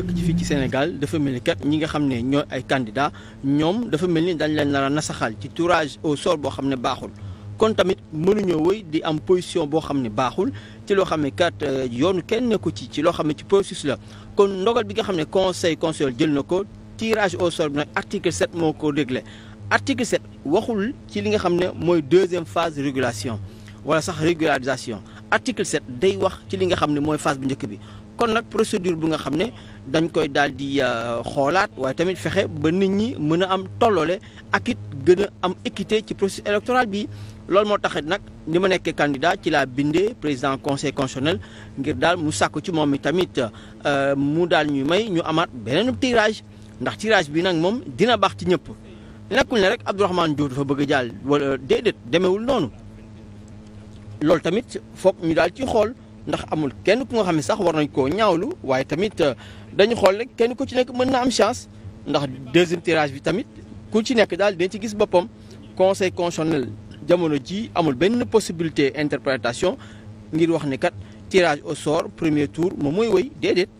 njëkk ci fii ci Sénégal dafa mel ni kat ñi nga xam ne ñoo ay candidat ñoom dafa mel ni dañ leen nar a nasaxal ci tirage au sort boo xam ne baaxul kon tamit mënuñoo wëy di am position boo xam ne baaxul ci loo xam ne kat euh, yoonu kenn nekku ci ci loo xam ne ci processus la kon ndogal bi nga xam ne conseil conseil jël na ko tirage au sort bi nag article 7 moo ko réglé article 7 waxul ci li nga xam ne mooy deuxième phase régulation wala sax régularisation article 7 day wax ci li nga xam ne mooy phase bu njëkk bi kon nag procédure bu nga xam ne dañ koy daal di euh, xoolaat waaye tamit fexe ba nit ñi mën a am tolloole ak it gën a am équité ci processus électoral bi loolu moo taxit nag ni ma nekkee candidat ci laa bindee président conseil constitutionnel ngir daal mu sàkku ci moom mi tamit euh, mu daal ñu may ñu amaat beneen tirage ndax tirage bi nag moom dina baax ci ñëpp nekkul ne rek Abdourahmane Diouf dafa bëgg a jàll wala déedéet demewul noonu loolu tamit foog ñu daal ci xool. ndax amul kenn ku nga xam ne sax war nañ koo ñaawlu waaye tamit euh, dañu xool rek kenn ku ci nekk mën na am chance ndax deuxième tirage bi tamit ku ci nekk daal dina ci gis boppam conseil constitutionnel jamono ji amul benn possibilité interprétation ngir wax ni kat tirage au sort premier tour moom mooy wéy déedéet